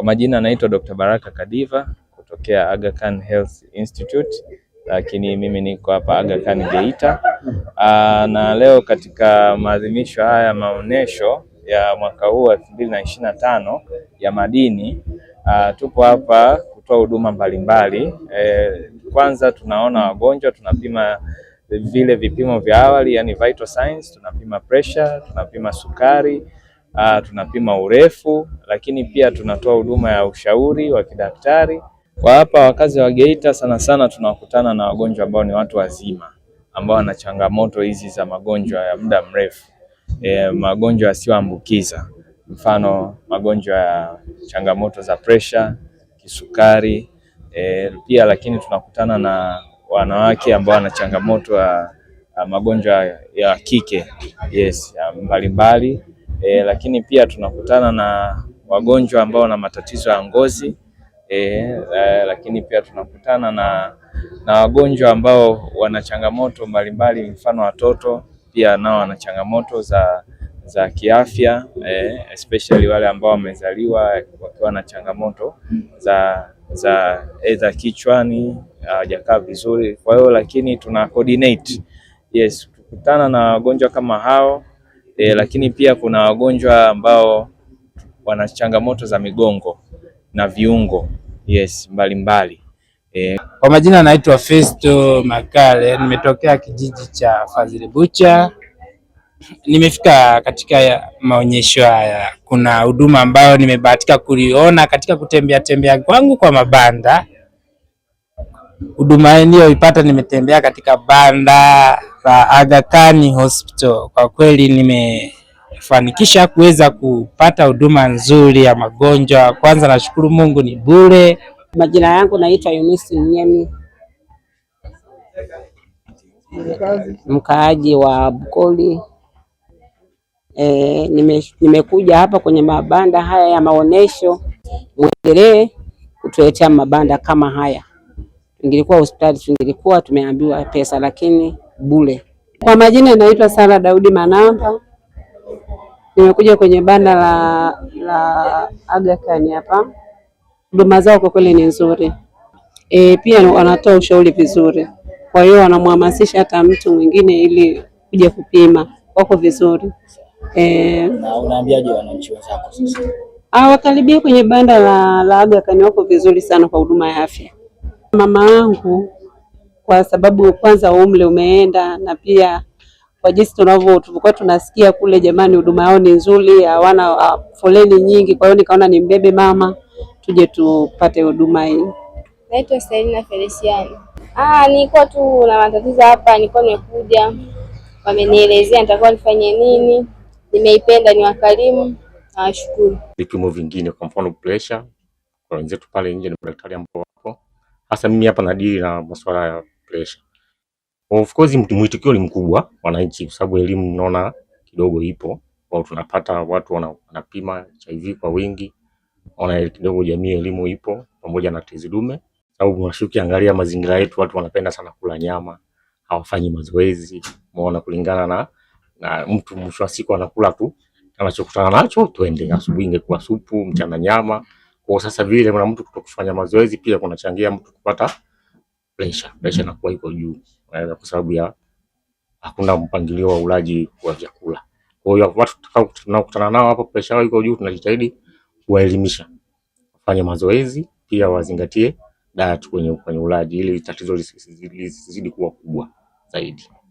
Kwa majina anaitwa Dr. Baraka Kadiva kutokea Aga Khan Health Institute, lakini mimi niko hapa Aga Khan Geita. Uh, na leo katika maadhimisho haya maonesho ya mwaka huu elfu mbili na ishirini na tano ya madini uh, tupo hapa kutoa huduma mbalimbali. eh, kwanza tunaona wagonjwa, tunapima vile vipimo vya awali, yani vital signs, tunapima pressure, tunapima sukari uh, tunapima urefu, lakini pia tunatoa huduma ya ushauri wa kidaktari. Kwa hapa wakazi wa Geita sana sana tunakutana na wagonjwa ambao ni watu wazima ambao wana changamoto hizi za magonjwa ya muda mrefu e, magonjwa yasiyoambukiza, mfano magonjwa ya changamoto za presha, kisukari e, pia lakini tunakutana na wanawake ambao wana changamoto ya magonjwa ya kike yes, mbalimbali e, lakini pia tunakutana na wagonjwa ambao na matatizo ya ngozi e, e, lakini pia tunakutana na, na wagonjwa ambao wana changamoto mbalimbali, mfano watoto pia nao wana changamoto za za kiafya eh, especially wale ambao wamezaliwa wakiwa na changamoto za za edha kichwani hawajakaa vizuri. Kwa hiyo lakini tuna coordinate yes, kukutana na wagonjwa kama hao e, lakini pia kuna wagonjwa ambao wana changamoto za migongo na viungo yes mbalimbali mbali. E, kwa majina naitwa Festo Makale, nimetokea kijiji cha Fadhili Bucha. Nimefika katika maonyesho haya, kuna huduma ambayo nimebahatika kuliona katika kutembea tembea kwangu kwa mabanda. Huduma hiyo niliyoipata, nimetembea katika banda la Aga Khan Hospital. Kwa kweli nimefanikisha kuweza kupata huduma nzuri ya magonjwa. Kwanza nashukuru Mungu ni bure. Majina yangu naitwa Yunisi Mnyemi, mkaaji wa Bukoli. E, nime, nimekuja hapa kwenye mabanda haya ya maonesho, mwendelee kutuletea mabanda kama haya. Ingilikuwa hospitali, ingilikuwa tumeambiwa pesa, lakini bure. Kwa majina inaitwa Sara Daudi Manamba, nimekuja kwenye banda la, la Aga Khan hapa. Huduma zao kwa kweli ni nzuri e, pia wanatoa ushauri vizuri, kwa hiyo wanamhamasisha hata mtu mwingine ili kuja kupima. Wako vizuri e, na unaambiaje wananchi wenzako sasa? Ah, wakaribia kwenye banda la, la Aga Khan, wako vizuri sana kwa huduma ya afya mama yangu kwa sababu kwanza umle umeenda na pia kwa jinsi tunavyo tulikuwa tunasikia kule, jamani, huduma yao ni nzuri, hawana ah, foleni nyingi. Kwa hiyo nikaona ni mbebe mama tuje tupate huduma hii. Naitwa Selina Felisiani. Ah, niko tu na matatizo hapa, niko nimekuja, wamenielezea nitakuwa nifanye nini. Nimeipenda, ni wakarimu, nawashukuru. Vipimo vingine, kwa mfano pressure, kwa wenzetu pale nje ni daktari ambao wapo Hasa mimi hapa na deal na masuala ya pressure. Of course mwitikio ni mkubwa wananchi, kwa sababu elimu naona kidogo ipo, au tunapata watu wanapima HIV kwa wingi, naona kidogo jamii elimu ipo, pamoja na tezi dume, sababu mwashuki, angalia mazingira yetu, watu wanapenda sana kula nyama, hawafanyi mazoezi, umeona, kulingana na na mtu mwisho wa siku anakula tu anachokutana nacho, tuende asubuhi ingekuwa supu, mchana nyama kwa sasa vile kuna mtu kutokufanya mazoezi pia kunachangia mtu kupata pressure. Pressure inakuwa iko juu kwa sababu ya hakuna mpangilio wa ulaji wa vyakula. Kwa hiyo watu tunaokutana nao hapo, pressure yao iko juu, tunajitahidi kuwaelimisha wafanye mazoezi pia wazingatie diet kwenye ulaji ili tatizo lisizidi kuwa kubwa zaidi.